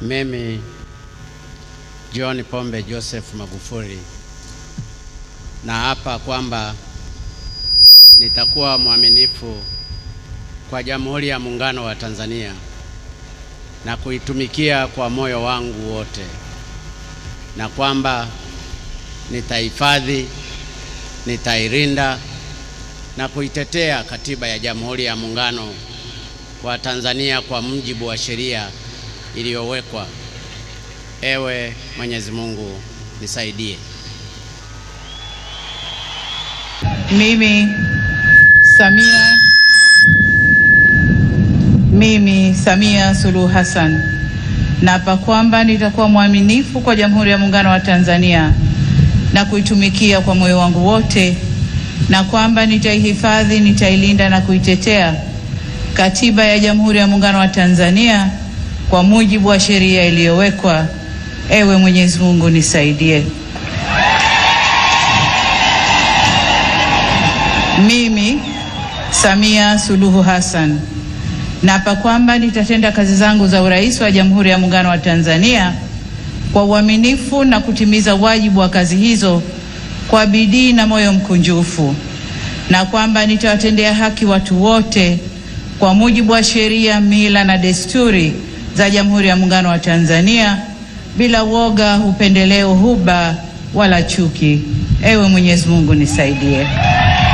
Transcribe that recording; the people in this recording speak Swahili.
Mimi John Pombe Joseph Magufuli na hapa kwamba nitakuwa mwaminifu kwa Jamhuri ya Muungano wa Tanzania na kuitumikia kwa moyo wangu wote, na kwamba nitahifadhi, nitairinda na kuitetea Katiba ya Jamhuri ya Muungano wa Tanzania kwa mujibu wa sheria iliyowekwa. Ewe Mwenyezi Mungu nisaidie. Mimi Samia, mimi Samia Suluhu Hassan naapa kwamba nitakuwa mwaminifu kwa Jamhuri ya Muungano wa Tanzania na kuitumikia kwa moyo wangu wote, na kwamba nitaihifadhi, nitailinda na kuitetea Katiba ya Jamhuri ya Muungano wa Tanzania kwa mujibu wa sheria iliyowekwa. Ewe Mwenyezi Mungu nisaidie mimi Samia Suluhu Hassan naapa kwamba nitatenda kazi zangu za urais wa Jamhuri ya Muungano wa Tanzania kwa uaminifu na kutimiza wajibu wa kazi hizo kwa bidii na moyo mkunjufu, na kwamba nitawatendea haki watu wote kwa mujibu wa sheria, mila na desturi za Jamhuri ya Muungano wa Tanzania bila woga, upendeleo, huba wala chuki. Ewe Mwenyezi Mungu nisaidie.